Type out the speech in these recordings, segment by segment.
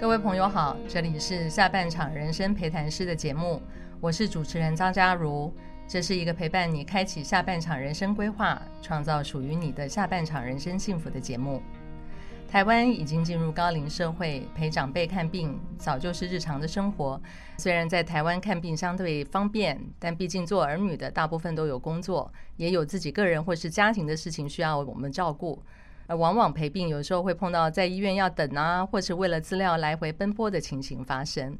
各位朋友好，這裡是下半場人生陪談師的節目，我是主持人張家如。這是一個陪伴你開啟下半場人生規劃，創造屬於你的下半場人生幸福的節目。台灣已經進入高齡社會，陪長輩看病早就是日常的生活。雖然在台灣看病相對方便，但畢竟做兒女的大部分都有工作，也有自己個人或是家庭的事情需要我們照顧。而往往陪病有時候會碰到在醫院要等啊，或是為了資料來回奔波的情形發生。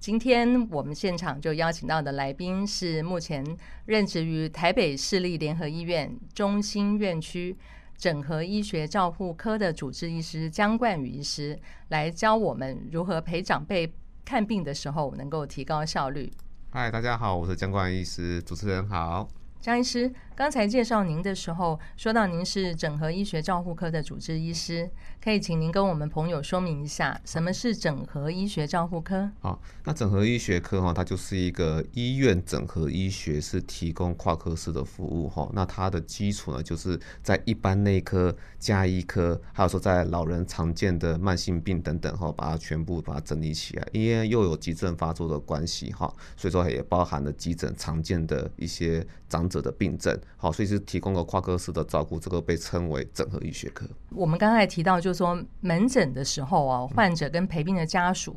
今天我們現場就邀請到的來賓是目前任職於台北市立聯合醫院中興院區，整合醫學照護科的主治醫師姜冠宇醫師，來教我們如何陪長輩看病的時候能夠提高效率。嗨，大家好，我是姜冠宇醫師。主持人好，姜醫師。剛才介紹您的時候，說到您是整合醫學照護科的主治醫師，可以請您跟我們朋友說明一下，什麼是整合醫學照護科？好，那整合醫學科哈，它就是一個醫院整合醫學是提供跨科室的服務哈。那它的基礎呢，就是在一般內科、家醫科，還有說在老人常見的慢性病等等哈，把它全部把它整理起來，因為又有急症發作的關係哈，所以說也包含了急診常見的一些長者的病症。好，所以是提供了跨科室的照顧，這個被稱為整合醫學科。我們剛才提到，就是說門診的時候啊、哦，患者跟陪病的家屬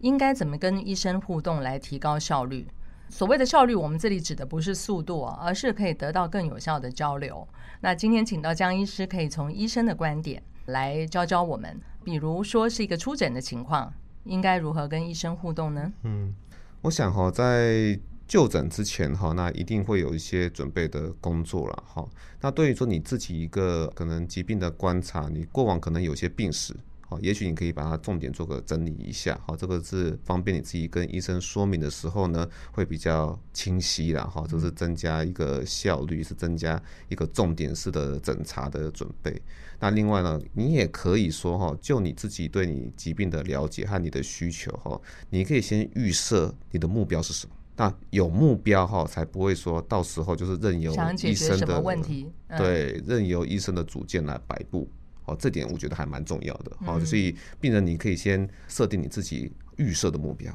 應該怎麼跟醫生互動來提高效率？所謂的效率，我們這裡指的不是速度、哦，而是可以得到更有效的交流。那今天請到薑醫師，可以從醫生的觀點來教教我們，比如說是一個初診的情況，應該如何跟醫生互動呢？嗯，我想哈，在。就診之前哈，那一定會有一些準備的工作了哈。那對於說你自己一個可能疾病的觀察，你過往可能有些病史，哈，也許你可以把它重點做個整理一下，哈，這個是方便你自己跟醫生說明的時候呢，會比較清晰了哈。這，就是增加一個效率，是增加一個重點式的診查的準備。那另外呢，你也可以說哈，就你自己對你疾病的了解和你的需求哈，你可以先預設你的目標是什麼。那有目標哈、哦，才不會說到時候就是任由醫生的問題、嗯、對任由醫生的主見來擺布。好、哦，這點我覺得還蠻重要的。好、哦，嗯、所以病人你可以先設定你自己預設的目標。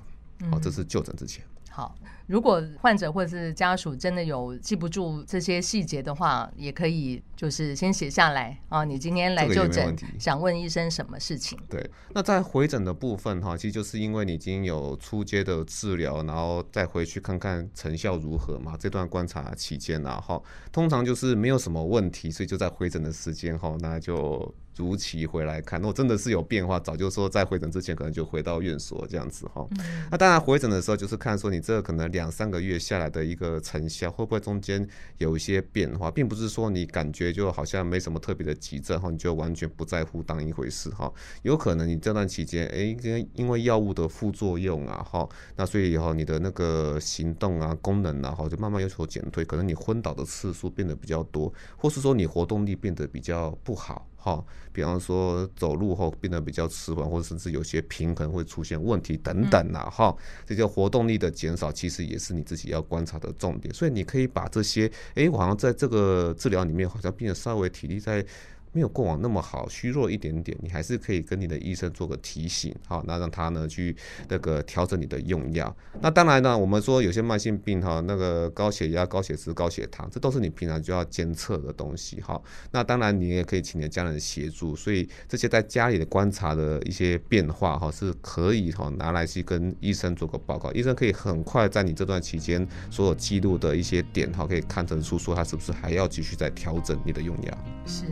好、哦，這是就診之前。嗯嗯、好。如果患者或者是家屬真的有記不住這些細節的話，也可以就是先寫下來啊。你今天來就診，問想問醫生什麼事情？對，那在回診的部分哈，其實就是因為你已經有初階的治療，然後再回去看看成效如何嘛。這段觀察期間啊，哈，通常就是沒有什麼問題，所以就在回診的時間哈，那就如期回來看。那如果真的是有變化，早就說在回診之前可能就回到院所這樣子哈。嗯，那當然回診的時候就是看說你這可能兩。兩三個月下來的一個成效，會不會中間有一些變化？並不是說你感覺就好像沒什麼特別的急症，然後你就完全不在乎當一回事，哈。有可能你這段期間，哎，因為藥物的副作用啊，哈，那所以以後你的那個行動啊，功能啊，哈，就慢慢有所減退，可能你昏倒的次數變得比較多，或是說你活動力變得比較不好。好，比方說走路後變得比較遲緩，或者甚至有些平衡會出現問題等等啦，哈，這些活動力的減少，其實也是你自己要觀察的重點。所以你可以把這些，哎，我好像在這個治療裡面，好像變得稍微體力在。沒有過往那麼好，虛弱一點點，你還是可以跟你的醫生做個提醒，哈，那讓他呢去那個調整你的用藥。那當然呢，我們說有些慢性病哈，那個高血壓、高血脂、高血糖，這都是你平常就要監測的東西，哈。那當然你也可以請你的家人協助。所以這些在家裡的觀察的一些變化哈，是可以哈拿來去跟醫生做個報告，醫生可以很快在你這段期間所有記錄的一些點哈，可以看診出說他是不是還要繼續在調整你的用藥。是。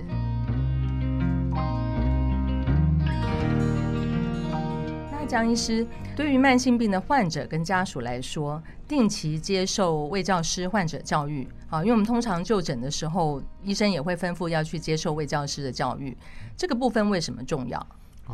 姜醫師，對於慢性病的患者跟家屬來說，定期接受衛教師患者教育，啊。因為我們通常就診的時候，醫生也會吩咐要去接受衛教師的教育，這個部分為什麼重要？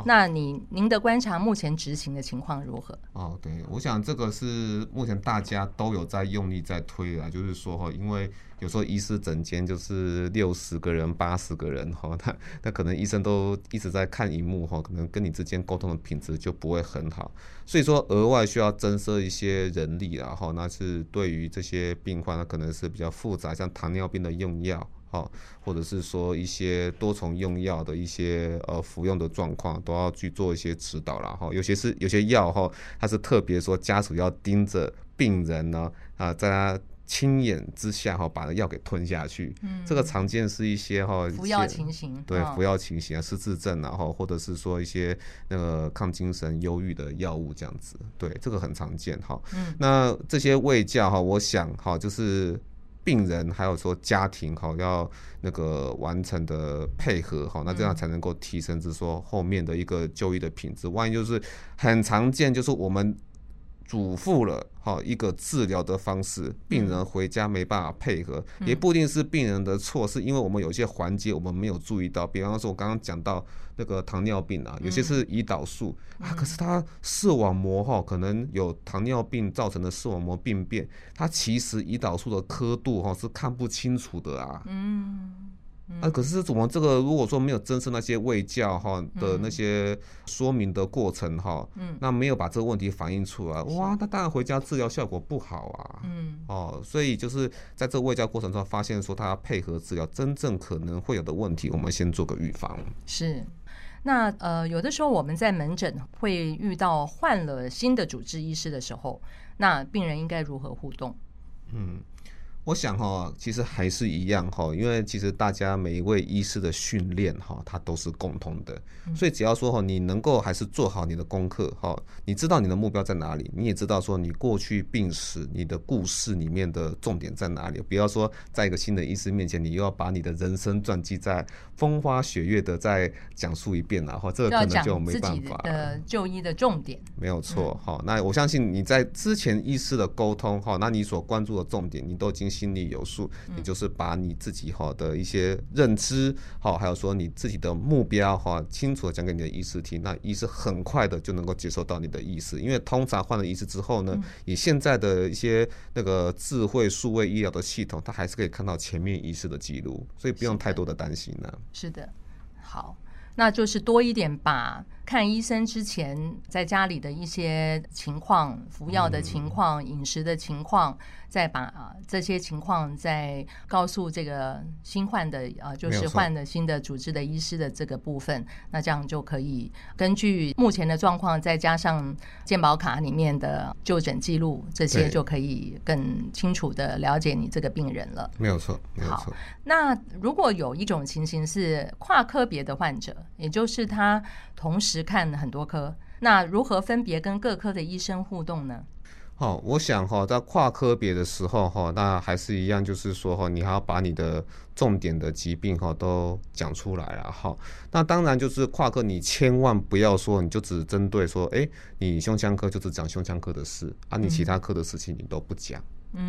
那你您的觀察目前執行的情況如何？哦，對，我想這個是目前大家都有在用力在推啊。就是說哈，因為有時候醫師診間就是六十個人、八十個人哈，他、哦、可能醫生都一直在看熒幕哈、哦，可能跟你之間溝通的品質就不會很好，所以說額外需要增設一些人力，啊、哦。那是對於這些病患，那可能是比較複雜，像糖尿病的用藥。哦，或者是說一些多重用藥的一些呃服用的狀況，都要去做一些指導了哈。有些是有些藥哈，它是特別說家屬要盯着病人呢，啊，在他親眼之下哈，把那藥給吞下去。嗯，這個常見是一些哈服藥情形，對、哦、服藥情形啊，失智症然後或者是說一些那個抗精神憂鬱的藥物這樣子，對這個很常見哈。嗯，那這些衛教哈，我想哈就是。病人還有說家庭，好要那個完成的配合，好那這樣才能夠提升，就是說後面的一個就醫的品質。萬一就是很常見，就是我們。囑咐了哈一個治療的方式，病人回家沒辦法配合，也不一定是病人的錯，是因為我們有些環節我們沒有注意到。比方說，我剛剛講到那個糖尿病啊，有些是胰島素、嗯、啊，可是它視網膜哈、哦、可能有糖尿病造成的視網膜病變，它其實胰島素的刻度哈、哦、是看不清楚的啊。嗯。嗯啊、可是怎麼？這個如果說沒有真實那些衛教哈的那些說明的過程哈，嗯嗯、那沒有把這個問題反映出來，嗯、哇，那當然回家治療效果不好啊。嗯，哦，所以就是在這個衛教過程中發現說他配合治療真正可能會有的問題，嗯、我們先做個預防。是，那呃，有的時候我們在門診會遇到換了新的主治醫師的時候，那病人應該如何互動？嗯。我想哈，其實還是一樣哈，因為其實大家每一位醫師的訓練哈，它都是共通的。嗯、所以只要說哈，你能夠還是做好你的功課哈，你知道你的目標在哪裡，你也知道說你過去病史、你的故事裡面的重點在哪裡。不要說在一個新的醫師面前，你又要把你的人生傳記在風花雪月的再講述一遍了哈，這個可能就沒辦法。呃，就要講自己的就醫的重點。沒有錯哈，那我相信你在之前醫師的溝通哈，那你所關注的重點，你都已經。心裡有數，你就是把你自己好的一些認知好，嗯、還有說你自己的目標哈，清楚的講給你的醫師聽，那醫師很快的就能夠接受到你的意思，因為通常換了醫師之後呢，嗯、以現在的一些那個智慧數位醫療的系統，它還是可以看到前面醫師的記錄，所以不用太多的擔心呢、啊。是的，好，那就是多一點吧。看醫生之前，在家裡的一些情況、服藥的情況、嗯、飲食的情況，再把、呃、這些情況再告訴這個新換的啊、呃，就是換的新的主治的醫師的這個部分，那這樣就可以根據目前的狀況，再加上健保卡裡面的就診記錄，這些就可以更清楚的了解你這個病人了。沒有錯，沒有錯。那如果有一種情形是跨科別的患者，也就是他同時只看很多科，那如何分別跟各科的醫生互動呢？好、哦，我想哈、哦，在跨科別的時候哈、哦，那還是一樣，就是說哈、哦，你還要把你的重點的疾病哈、哦、都講出來啊、哦。那當然就是跨科，你千萬不要說你就只針對說，誒，你胸腔科就只講胸腔科的事啊，你其他科的事情你都不講。嗯。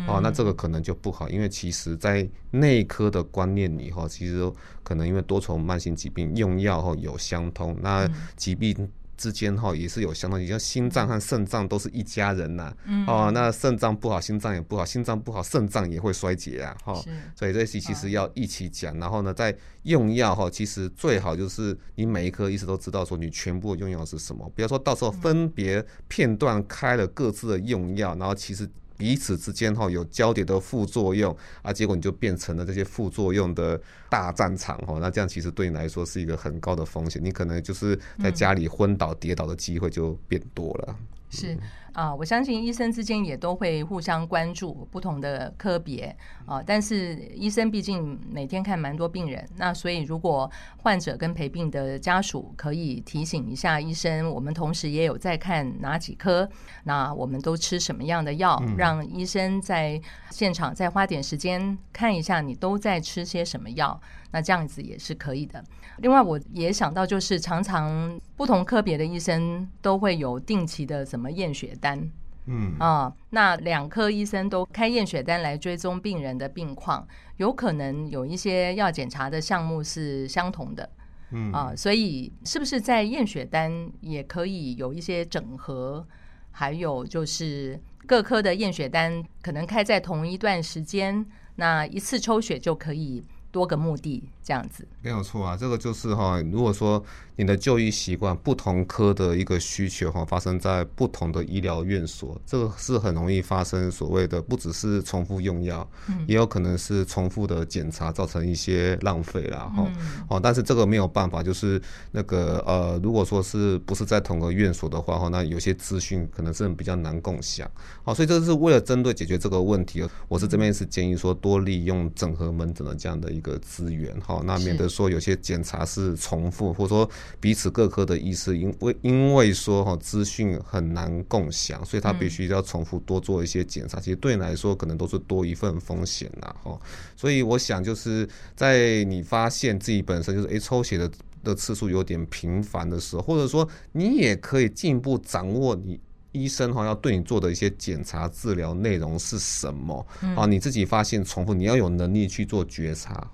哦，那這個可能就不好，因為其實，在內科的觀念裡，其實可能因為多重慢性疾病用藥後有相通，那疾病之間哈也是有相通。你像心臟和腎臟都是一家人吶、啊，哦、呃，那腎臟不好，心臟也不好，心臟不好，腎臟也會衰竭啊，哈。是所以這些其實要一起講，好然後呢，在用藥後其實最好就是你每一科醫生都知道說你全部用藥是什麽，比如說到時候分別片段開了各自的用藥，嗯、然後其實。彼此之間哈有交疊的副作用啊，結果你就變成了這些副作用的大戰場哈。那這樣其實對你來說是一個很高的風險，你可能就是在家裡昏倒跌倒的機會就變多了。嗯嗯、是。啊，我相信醫生之間也都會互相關注不同的科別啊。但是醫生畢竟每天看蠻多病人，那所以如果患者跟陪病的家屬可以提醒一下醫生，我們同時也有在看哪幾科，那我們都吃什麼樣的藥，讓醫生在現場再花點時間看一下你都在吃些什麼藥。那這樣子也是可以的。另外，我也想到，就是常常不同科別的醫生都會有定期的什麼驗血單，嗯啊，那兩科醫生都開驗血單來追蹤病人的病況，有可能有一些要檢查的項目是相同的，嗯啊，所以是不是在驗血單也可以有一些整合？還有就是各科的驗血單可能開在同一段時間，那一次抽血就可以，多個目的這樣子沒有錯啊，這個就是哈，如果說你的就醫習慣不同科的一個需求哈，發生在不同的醫療院所，這個是很容易發生所謂的不只是重複用藥，嗯，也有可能是重複的檢查造成一些浪費啦哦，嗯，但是這個沒有辦法，就是那個呃，如果說是不是在同個院所的話哈，那有些資訊可能是比較難共享好，所以這是為了針對解決這個問題，我是這邊是建議說多利用整合門診的這樣的一個。個資源哈，那免得說有些檢查是重複，是或者說彼此各科的醫師，因為因為說哈，資訊很難共享，所以他必須要重複多做一些檢查。嗯、其實對你來說，可能都是多一份風險啦哈。所以我想就是在你發現自己本身就是誒抽血的的次數有點頻繁的時候，或者說你也可以進一步掌握你。醫生哈要對你做的一些檢查、治療內容是什麼？啊、嗯，你自己發現重複，你要有能力去做覺察。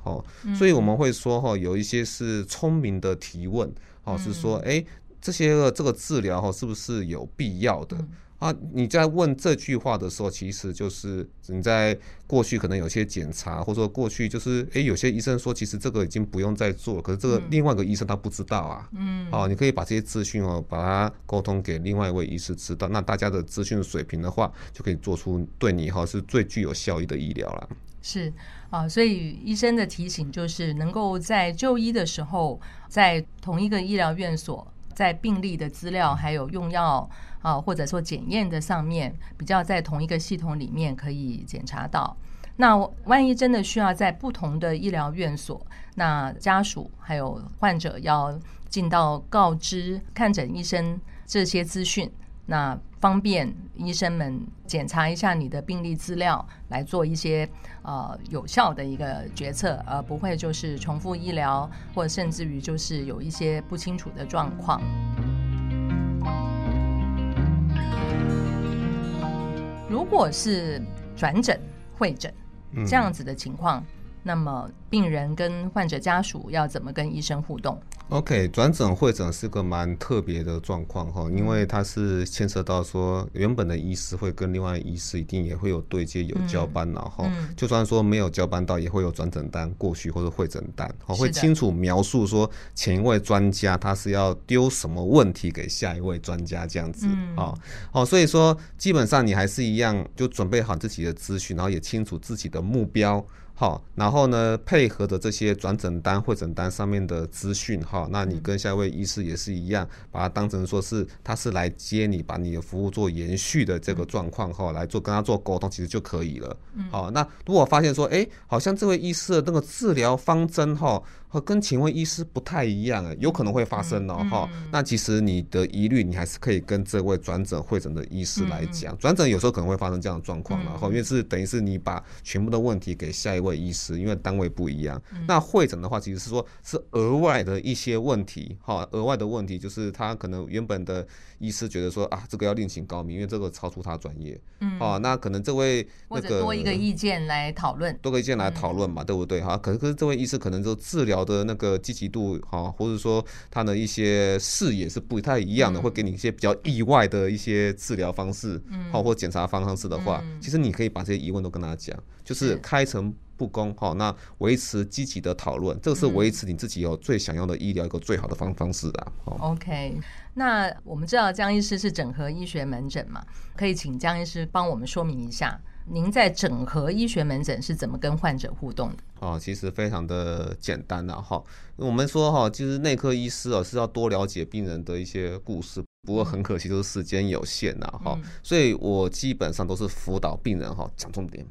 嗯。所以我們會說哈，有一些是聰明的提問，啊、嗯，是說哎、欸，這些個這個治療哈是不是有必要的？嗯啊，你在問這句話的時候，其實就是你在過去可能有些檢查，或者說過去就是，誒，有些醫生說其實這個已經不用再做，可是這個另外一個醫生他不知道啊。嗯。哦、嗯啊，你可以把這些資訊哦，把它溝通給另外一位醫師知道，那大家的資訊水平的話，就可以做出對你哈、哦、是最具有效益的醫療了。是啊，所以醫生的提醒就是能夠在就醫的時候，在同一個醫療院所。在病歷的資料，還有用藥啊，或者說檢驗的上面，比較在同一個系統裡面可以檢查到。那萬一真的需要在不同的醫療院所，那家屬還有患者要盡到告知看診醫生這些資訊，那。方便醫生們檢查一下你的病歷資料，來做一些呃有效的一個決策，而不會就是重複醫療，或者甚至於就是有一些不清楚的狀況。如果是轉診、會診這樣子的情況。嗯那麼，病人跟患者家屬要怎麼跟醫生互動？OK，轉診會診是個蠻特別的狀況哈，因為它是牽涉到說原本的醫師會跟另外一醫師一定也會有對接、有交班，嗯、然後就算說沒有交班到，也會有轉診單、過去或者會診單，我會清楚描述說前一位專家他是要丟什麼問題給下一位專家這樣子啊、嗯、所以說基本上你還是一樣，就準備好自己的資訊，然後也清楚自己的目標。好，然後呢，配合的這些轉診單、會診單上面的資訊，哈，那你跟下一位醫師也是一樣，把它當成說是他是來接你，把你的服務做延續的這個狀況，哈，來做跟他做溝通，其實就可以了。好、嗯，那如果發現說，哎，好像這位醫師的那個治療方針，哈。和跟請問醫師不太一樣啊、欸，有可能會發生哦。哈、嗯哦，那其實你的疑慮，你還是可以跟這位轉診會診的醫師來講。轉診、嗯、有時候可能會發生這樣的狀況，然後因為是等於是你把全部的問題給下一位醫師，因為單位不一樣。嗯、那會診的話，其實是說是額外的一些問題哈，額、哦、外的問題就是他可能原本的醫師覺得說啊，這個要另請高明，因為這個超出他專業。嗯、哦。那可能這位、那個、或者多一個意見來討論、呃，多個意見來討論嘛，嗯、對不對哈？可是可是這位醫師可能就治療。好的那個積極度哈，或者說他的一些視野是不太一樣的，嗯、會給你一些比較意外的一些治療方式，好、嗯、或檢查方方式的話，嗯、其實你可以把這些疑問都跟他講，就是開誠布公好是、哦，那維持積極的討論，這個是維持你自己有最想要的醫療一個最好的方、嗯、方式啊。哦、OK，那我們知道姜醫師是整合醫學門診嘛，可以請姜醫師幫我們說明一下。您在整合醫學門診是怎麼跟患者互動的？哦，其實非常的簡單的、啊、哈。我們說哈，其實內科醫師啊是要多了解病人的一些故事，不過很可惜，就是時間有限吶、啊、哈。所以我基本上都是輔導病人哈，講重點。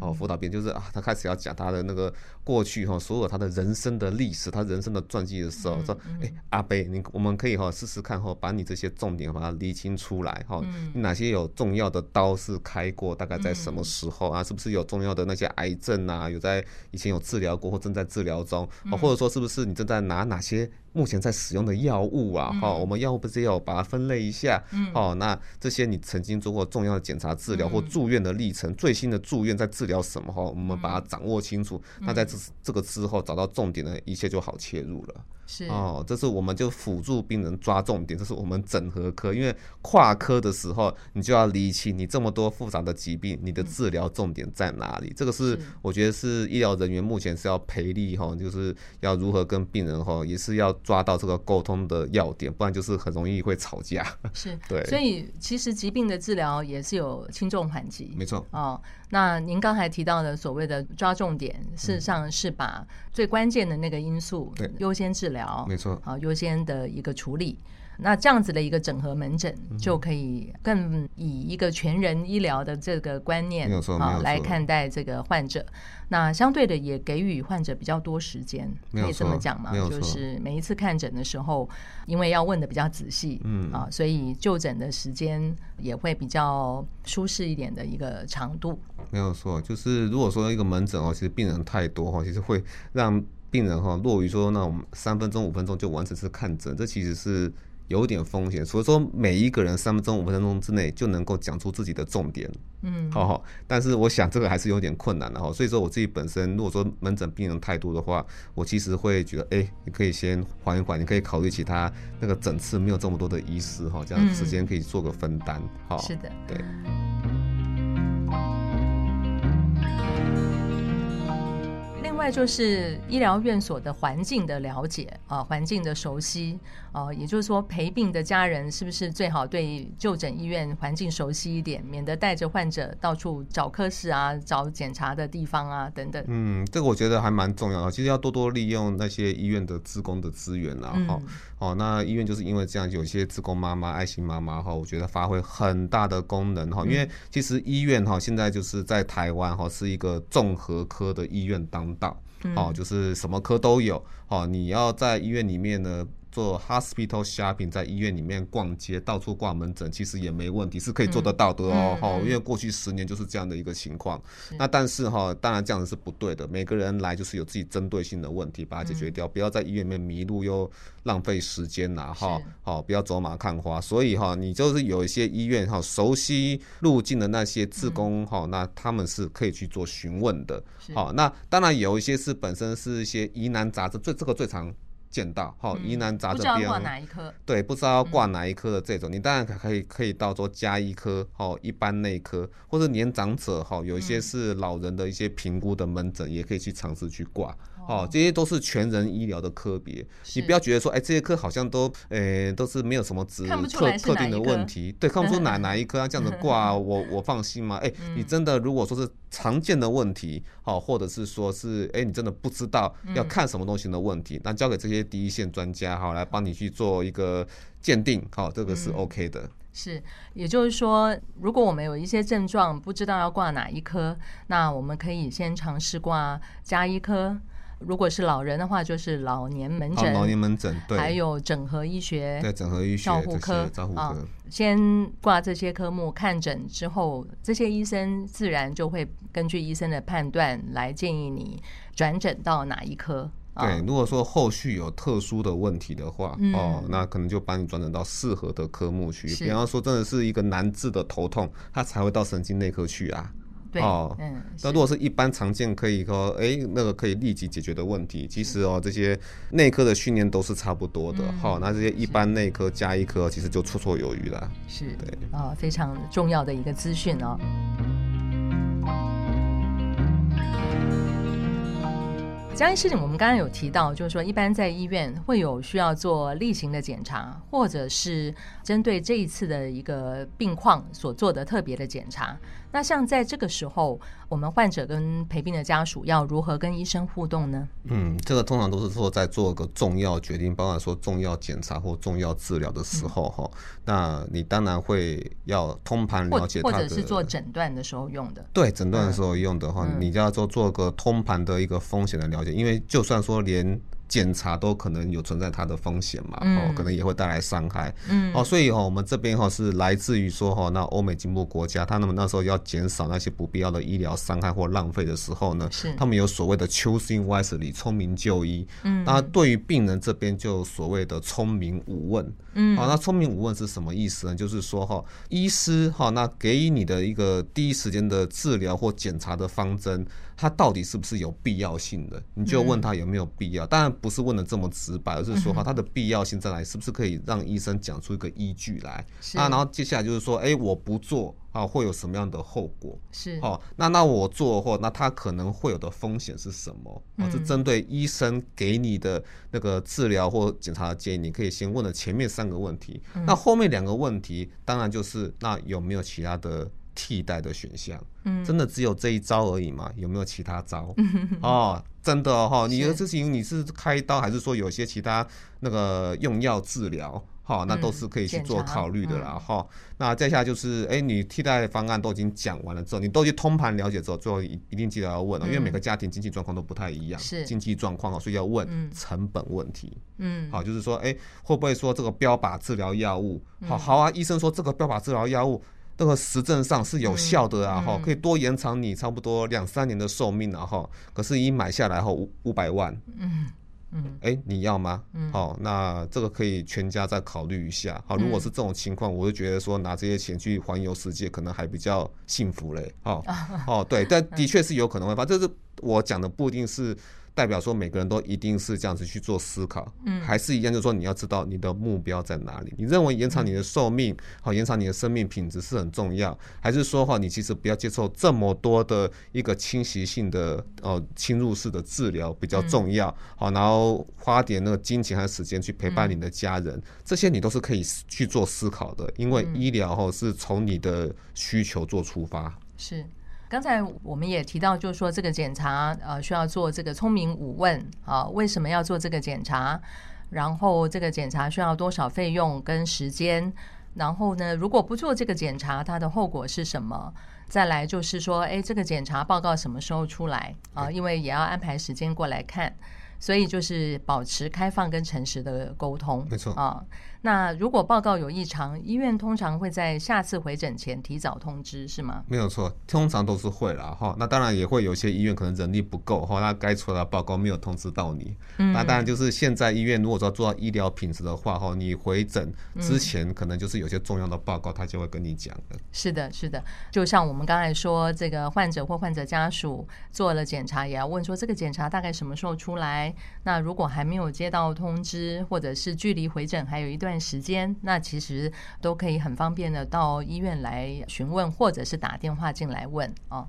哦，輔導病就是啊，他開始要講他的那個過去哈，所有他的人生的歷史，他人生的傳記的時候，嗯嗯、說，哎、欸，阿伯，你我們可以哈試試看哈，把你這些重點把它理清出來哈，哦嗯、你哪些有重要的刀是開過，大概在什麼時候、嗯、啊？是不是有重要的那些癌症啊？有在以前有治療過或正在治療中、哦，或者說是不是你正在拿哪些？目前在使用的藥物啊，哈、嗯哦，我們藥物不是要把它分類一下，嗯、哦，那這些你曾經做過重要的檢查、治療或住院的歷程，嗯、最新的住院在治療什麼哈，嗯、我們把它掌握清楚，嗯、那在這這個之後找到重點的一切就好切入了。是哦，這是我們就輔助病人抓重點，這是我們整合科。因為跨科的時候，你就要理清你這麼多複雜的疾病，你的治療重點在哪裡？這個是我覺得是醫療人員目前是要培力哈、哦，就是要如何跟病人哈、哦，也是要抓到這個溝通的要點，不然就是很容易會吵架。是，對，所以其實疾病的治療也是有輕重緩急，沒錯錯，哦。那您剛才提到的所謂的抓重點，事實上是把最關鍵的那個因素，嗯，優先治療，沒錯，啊，優先的一個處理。那這樣子的一個整合門診，就可以更以一個全人醫療的這個觀念、嗯、啊沒有錯，來看待這個患者。那相對的也給予患者比較多時間，沒有可以這麼講嗎？就是每一次看診的時候，因為要問得比較仔細，嗯啊，所以就診的時間也會比較舒適一點的一個長度。沒有錯，就是如果說一個門診哦，其實病人太多哈、哦，其實會讓病人哈、哦、落於說那我們三分鐘五分鐘就完成一次看診，這其實是。有點風險，所以說每一個人三分鐘五分鐘之內就能夠講出自己的重點，嗯，好好、哦。但是我想這個還是有點困難的哈，所以說我自己本身如果說門診病人太多的話，我其實會覺得，哎、欸，你可以先緩一緩，你可以考慮其他那個診次沒有這麼多的醫師哈、哦，這樣時間可以做個分擔，哈、嗯，哦、是的，對。另外就是醫療院所的環境的了解啊，環境的熟悉啊，也就是說陪病的家人是不是最好對就診醫院環境熟悉一點，免得帶着患者到處找科室啊、找檢查的地方啊等等。嗯，這個我覺得還蠻重要的，其實要多多利用那些醫院的志工的資源啊。哈、嗯。哦，那醫院就是因為這樣，有些志工媽媽、愛心媽媽哈，我覺得發揮很大的功能哈，因為其實醫院哈現在就是在台灣哈是一個綜合科的醫院當當。好、嗯哦，就是什麼科都有。好、哦，你要在醫院裡面呢，做 hospital shopping，在醫院裡面逛街，到處掛門診，其實也沒問題，嗯、是可以做得到的哦。嗯嗯、因為過去十年就是這樣的一個情況。是那但是哈、哦，當然這樣子是不對的。每個人來就是有自己針對性的問題，把它解決掉，嗯、不要在醫院裡面迷路又浪費時間吶、啊。哈是，好、哦，不要走馬看花。所以哈、哦，你就是有一些醫院哈，熟悉路徑的那些志工哈，嗯、那他們是可以去做詢問的。好是、哦，那當然有一些是本身是一些疑難雜症，最這個最常。見到哈疑難雜症，不知道要掛哪一科，對，不知道要掛哪一科的這種，嗯、你當然可以可以到說加一科哈、哦、一般內科，或是年長者哈、哦，有一些是老人的一些評估的門診，嗯、也可以去嘗試去掛。哦，這些都是全人醫療的科別，是你不要覺得說，哎、欸，這些科好像都，誒、欸，都是沒有什麼指特特定的問題，對，看不出哪哪一科要、啊、這樣子掛， 我我放心嗎？哎、欸，嗯、你真的如果說是常見的問題，好，或者是說是，哎、欸，你真的不知道要看什麼東西的問題，嗯、那交給這些第一線專家，好，來幫你去做一個鑑定，好、哦，這個是 OK 的、嗯。是，也就是說，如果我們有一些症狀，不知道要掛哪一科，那我們可以先嘗試掛家醫科。如果是老人的話，就是老年門診、哦、老年門診，對還有整合醫學、對整合醫學、照護科、照護科、哦。先掛這些科目看診之後，這些醫生自然就會根據醫生的判斷來建議你轉診到哪一科。對，哦、如果說後續有特殊的問題的話，嗯、哦，那可能就幫你轉診到適合的科目去。是。比方說，真的是一個難治的頭痛，他才會到神經內科去啊。對哦，那、嗯、如果是一般常見，可以說，哎是，那個可以立即解決的問題，其實哦，這些內科的訓練都是差不多的，好、嗯哦，那這些一般內科加一科，其實就綽綽有餘了。是對啊、哦，非常重要的一個資訊哦。這件事情我們剛剛有提到，就是說一般在醫院會有需要做例行的檢查，或者是針對這一次的一個病況所做的特別的檢查。那像在這個時候，我們患者跟陪病的家屬要如何跟醫生互動呢？嗯，這個通常都是說在做個重要決定，包括說重要檢查或重要治療的時候哈。嗯、那你當然會要通盤了解它。或者是做診斷的時候用的。對，診斷的時候用的話，嗯嗯、你就要做做個通盤的一個風險的了解。因為就算說連檢查都可能有存在它的風險嘛、嗯哦，可能也會帶來傷害，嗯，哦，所以哦，我們這邊哈是來自於說哈，那歐美進步國家，他們那時候要減少那些不必要的醫療傷害或浪費的時候呢，是他們有所謂的 Choosing wisely，聰明就醫，嗯，那對於病人這邊就所謂的聰明五問。嗯，好、哦，那聰明五問是什麼意思呢？就是說哈、哦，醫師哈、哦，那給予你的一個第一時間的治療或檢查的方針，它到底是不是有必要性的？你就問他有沒有必要，嗯、當然不是問的這麼直白，而、就是說哈，它、哦、的必要性在哪裡？是不是可以讓醫生講出一個依據來？是啊，然後接下來就是說，哎，我不做。啊，會有什麼樣的後果？是，哦，那那我做的話、哦，那他可能會有的風險是什麼？啊、嗯哦，是針對醫生給你的那個治療或檢查的建議，你可以先問了前面三個問題。嗯、那後面兩個問題，當然就是那有沒有其他的替代的選項？嗯、真的只有這一招而已嗎？有沒有其他招？ 哦，真的哦。哦你的事情，你是開刀，是還是說有些其他那個用藥治療？好、哦，那都是可以去做考慮的了哈、嗯嗯哦。那再下來就是，哎、欸，你替代方案都已經講完了之後，你都去通盤了解之後，最後一一定記得要問、哦，嗯、因為每個家庭經濟狀況都不太一樣，是經濟狀況，所以要問成本問題。嗯，好、哦，就是說，哎、欸，會不會說這個標靶治療藥物，嗯、好好啊，醫生說這個標靶治療藥物這、那個實證上是有效的啊，哈、嗯哦，可以多延長你差不多兩三年的壽命啊，哈、哦。可是你買下來後五五百萬，嗯。嗯，哎、欸，你要嗎？嗯，好、哦，那這個可以全家再考慮一下。好，如果是這種情況，嗯、我就覺得說拿這些錢去環遊世界，可能還比較幸福嘞。好、哦， 哦，對，但的確是有可能會發生、嗯、這是我講的，不一定是。代表說，每個人都一定是這樣子去做思考，嗯，還是一樣，就是說，你要知道你的目標在哪裡。你認為延長你的壽命，好、嗯哦，延長你的生命品質是很重要，還是說，話、哦、你其實不要接受這麼多的一個侵襲性的、哦、呃，侵入式的治療比較重要，好、嗯哦，然後花點那個金錢和時間去陪伴你的家人，嗯、這些你都是可以去做思考的，因為醫療哈是從你的需求做出發，嗯、是。剛才我們也提到，就是說這個檢查，呃，需要做這個聰明五問啊。為什麼要做這個檢查？然後這個檢查需要多少費用跟時間？然後呢，如果不做這個檢查，它的後果是什麼？再來就是說，誒、哎，這個檢查報告什麼時候出來啊？因為也要安排時間過來看。所以就是保持開放跟誠實的溝通，沒錯啊、哦。那如果報告有異常，醫院通常會在下次回診前提早通知，是嗎？沒有錯，通常都是會啦。哈、哦。那當然也會有些醫院可能人力不夠哈、哦，那該出來的報告沒有通知到你。嗯、那當然就是現在醫院如果說做到醫療品質的話哈、哦，你回診之前可能就是有些重要的報告，他就會跟你講、嗯、是的，是的。就像我們剛才說，這個患者，或患者家屬做了檢查，也要問說這個檢查大概什麼時候出來。那如果還沒有接到通知，或者是距離回診還有一段時間，那其實都可以很方便的到醫院來詢問，或者是打電話進來問哦。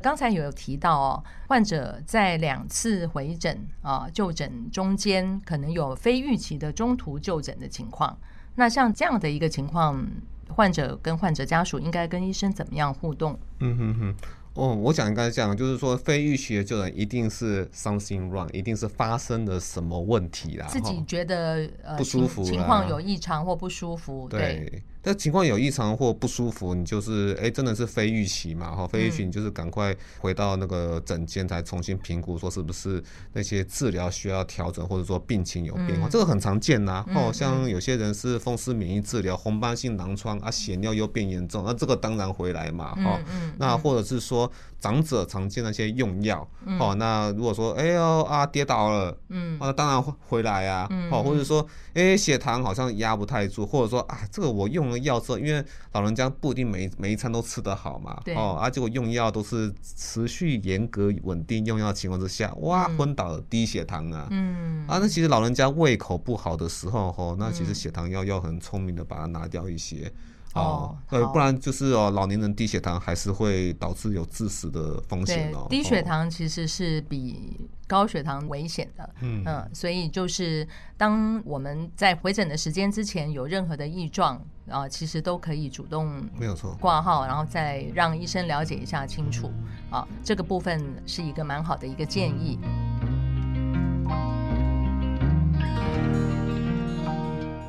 剛才有提到哦，患者在兩次回診啊、哦、就診中間，可能有非預期的中途就診的情況。那像這樣的一個情況，患者跟患者家屬應該跟醫生怎麼樣互動？嗯嗯嗯哦，我講剛才講，就是說非預期的這種，一定是 something wrong，一定是發生了什麼問題啦。自己覺得不舒服、呃，情，情況有異常或不舒服，對。對但情況有異常或不舒服，你就是哎、欸，真的是非預期嘛？哈、嗯，非預期，你就是趕快回到那個診間，才重新評估說是不是那些治療需要調整，或者說病情有變化，嗯、這個很常見吶、啊。哈、嗯嗯哦，像有些人是風濕免疫治療，紅斑性狼瘡啊，血尿又變嚴重，那這個當然回來嘛。哈、哦，嗯嗯嗯、那或者是說。長者常見那些用藥，哦、嗯，那如果說，哎呦啊，跌倒了，嗯，那、啊、當然會回來啊，哦、嗯，或者說，哎、欸，血糖好像壓不太住，或者說啊，這個我用了藥之後，因為老人家不一定每每一餐都吃得好嘛，哦對，而、啊、結果用藥都是持續嚴格穩定用藥情況之下，哇，昏倒了低血糖啊，嗯，啊，那其實老人家胃口不好的時候，吼那其實血糖要要很聰明的把它拿掉一些。哦，對，不然就是哦，老年人低血糖還是會導致有致死的風險哦。對，低血糖其實是比高血糖危險的。哦、嗯嗯，所以就是當我們在回診的時間之前有任何的異狀啊，其實都可以主動沒有錯掛號，然後再讓醫生了解一下清楚。嗯、啊，這個部分是一個蠻好的一個建議。嗯、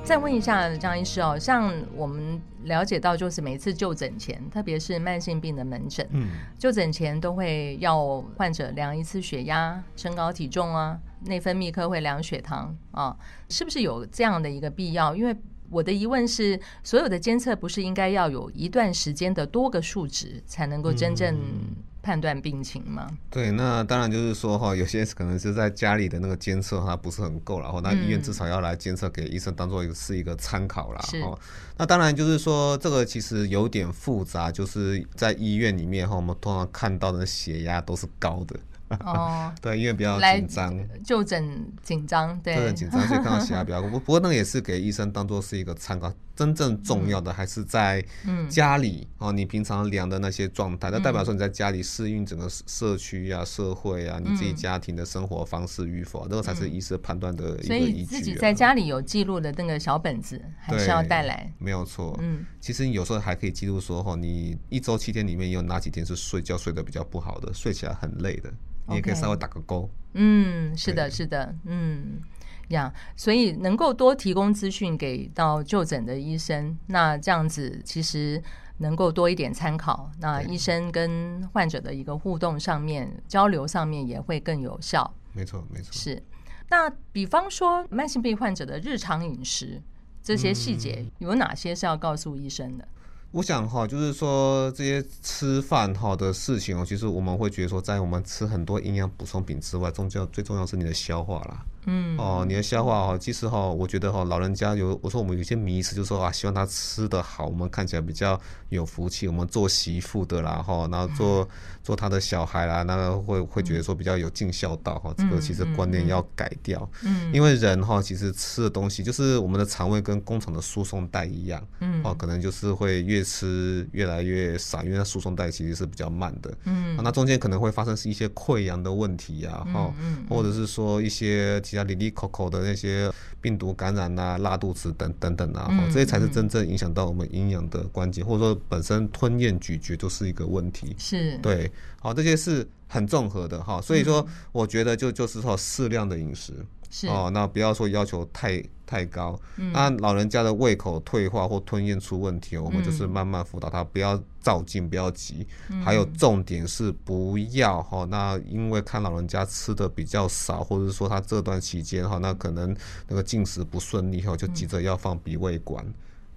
再問一下姜醫師哦，像我們。了解到，就是每次就診前，特別是慢性病的門診，嗯、就診前都會要患者，量一次血壓、身高、體重啊。內分泌科會量血糖啊，是不是有這樣的一個必要？因為我的疑問是，所有的監測不是應該要有一段時間的多個數值，才能夠真正……嗯。判斷病情嗎？對，那當然就是說哈，有些可能是在家裡的那個監測它不是很夠，然後那醫院至少要來監測，給醫生當做一個是一個參考啦。哦、嗯，是，那當然就是說，這個其實有點複雜，就是在醫院裡面哈，我們通常看到的血壓都是高的。哦， 對，因為比較緊張，就，就診緊張，對，就緊張，所以看到血壓比較高。 不過那個也是給醫生當做是一個參考。真正重要的還是在家裡、嗯、哦，你平常量的那些狀態，嗯、那代表說你在家裡適應整個社區啊、嗯、社會啊、你自己家庭的生活方式與否，這、嗯、個才是醫生判斷的一個依據、啊。所以自己在家裡有記錄的那個小本子還是要帶來，沒有錯。嗯，其實你有時候還可以記錄說哈、哦，你一周七天裡面有哪幾天是睡覺睡得比較不好的，睡起來很累的。你 Okay. 也可以稍微打個勾。嗯，是的，是的，對嗯，呀、yeah.，所以能夠多提供資訊給到就診的醫生，那這樣子其實能夠多一點參考，那醫生跟患者的一個互動上面、對交流上面也會更有效。沒錯，沒錯。是，那比方說慢性病患者的日常飲食這些細節，有哪些是要告訴醫生的？嗯我想哈，就是說，這些吃飯哈的事情哦，其實我們會覺得說，在我們吃很多營養補充品之外，終究最重要是你的消化啦。嗯哦，你的消化哈，其實哈、哦，我覺得哈、哦，老人家有我說我們有些迷思，就是說啊，希望他吃得好，我們看起來比較有福氣。我們做媳婦的啦哈、哦，然後做、嗯、做他的小孩啦，那個會會覺得說比較有盡孝道哈。這個其實觀念要改掉。嗯，嗯嗯，因為人哈、哦，其實吃的東西就是我們的腸胃跟工廠的輸送帶一樣。嗯，哦，可能就是會越吃越來越少，因為輸送帶其實是比較慢的。嗯、啊，那中間可能會發生一些潰瘍的問題呀、啊、哈，哦嗯嗯、或者是說一些。像裡裡口口的那些病毒感染啊、拉肚子等等等啊，嗯、這些才是真正影響到我們營養的關鍵，或者說本身吞嚥咀嚼就是一個問題。是，對，好，這些是很綜合的哈，所以說我覺得就就是說適量的飲食。是哦，那不要說要求太太高，嗯、那老人家的胃口退化或吞嚥出問題、嗯、我們就是慢慢輔導他，不要躁進，不要急。嗯、還有重點是不要哈、哦，那因為看老人家吃的比較少，或者說他這段期間哈、哦，那可能那個進食不順利後、哦，就急着要放鼻胃管。嗯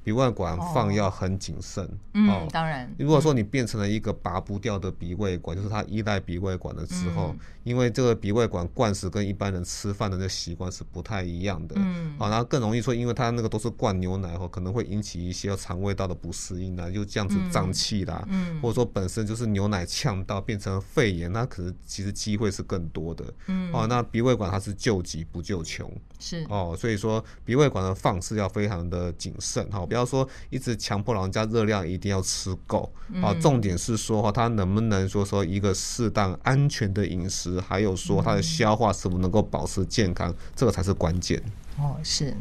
鼻胃管放要很謹慎，哦。嗯、哦當然。如果說你變成了一個拔不掉的鼻胃管，嗯、就是他依賴鼻胃管的時候，嗯、因為這個鼻胃管灌食跟一般人吃飯的那個習慣是不太一樣的，嗯，啊、哦，然後更容易說，因為他那個都是灌牛奶，或可能會引起一些腸胃道的不適應啊，就這樣子脹氣啦，嗯，或者說本身就是牛奶嗆到變成肺炎，那可是其實機會是更多的，嗯，啊、哦，那鼻胃管它是救急不救窮，是，哦，所以說鼻胃管的放是要非常的謹慎，哈、哦，別。不要說一直強迫老人家熱量一定要吃夠啊，嗯、然後重點是說哈，他能不能說說一個適當安全的飲食，還有說他的消化是否能夠保持健康，嗯、這個才是關鍵。哦，是。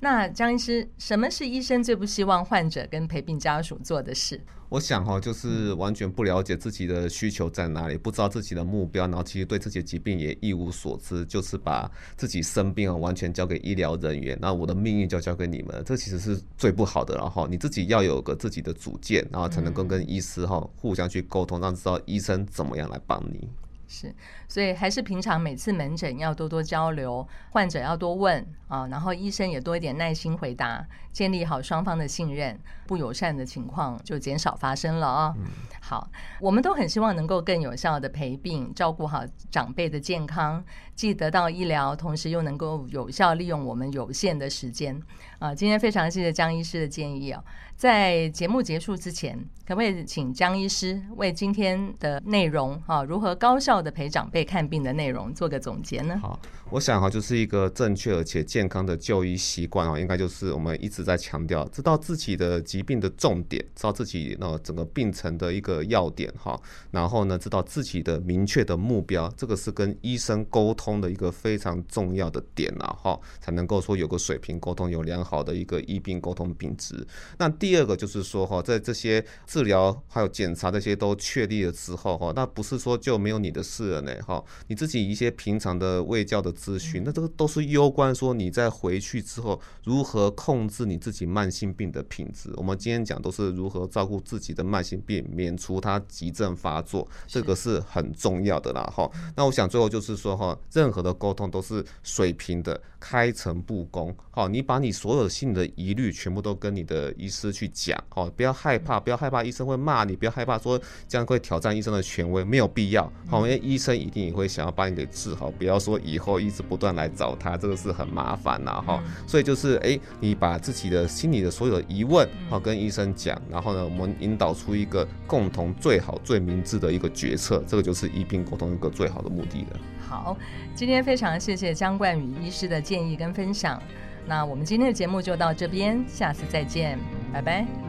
那姜醫師，什麼是醫生最不希望患者跟陪病家屬做的事？我想哈，就是完全不了解自己的需求在哪裡，不知道自己的目標，然後其實對自己的疾病也一無所知，就是把自己生病啊完全交給醫療人員，那我的命運就交給你們，這其實是最不好的。然後你自己要有個自己的主見，然後才能夠跟醫師哈互相去溝通，讓知道醫生怎麼樣來幫你。是，所以還是平常每次門診要多多交流，患者要多問啊，然後醫生也多一點耐心回答，建立好雙方的信任。不友善的情況就減少發生了啊！好，我們都很希望能夠更有效的陪病，照顧好長輩的健康，既得到醫療，同時又能夠有效利用我們有限的時間啊！今天非常謝謝姜醫師的建議啊，在節目結束之前，可不可以請姜醫師為今天的內容啊，如何高效的陪長輩看病的內容做個總結呢？好，我想哈，就是一個正確而且健康的就醫習慣啊，應該就是我們一直在強調，知道自己的。疾病的重點，知道自己那整個病程的一個要點哈，然後呢，知道自己的明確的目標，這個是跟醫生溝通的一個非常重要的點哈啊，才能夠說有個水平溝通，有良好的一個醫病溝通品質。那第二個就是說哈，在這些治療還有檢查這些都確立了之後哈，那不是說就沒有你的事了呢哈，你自己一些平常的衛教的資訊，那這個都是攸關說你在回去之後如何控制你自己慢性病的品質。我們今天講都是如何照顧自己的慢性病，免除他急症發作，這個是很重要的啦哈。那我想最後就是說哈，任何的溝通都是水平的，開誠布公哈。你把你所有心裡的疑慮全部都跟你的醫師去講哦，不要害怕，不要害怕醫生會罵你，不要害怕說這樣會挑戰醫生的權威，沒有必要哈。因為醫生一定也會想要把你給治好，不要說以後一直不斷來找他，這個是很麻煩啦哈。所以就是哎、欸，你把自己的心裡的所有的疑問。跟醫生講，然後呢，我們引導出一個共同最好最明智的一個決策，這個就是醫病溝通一個最好的目的了。好，今天非常謝謝姜冠宇醫師的建議跟分享，那我們今天的節目就到這邊，下次再見，拜拜。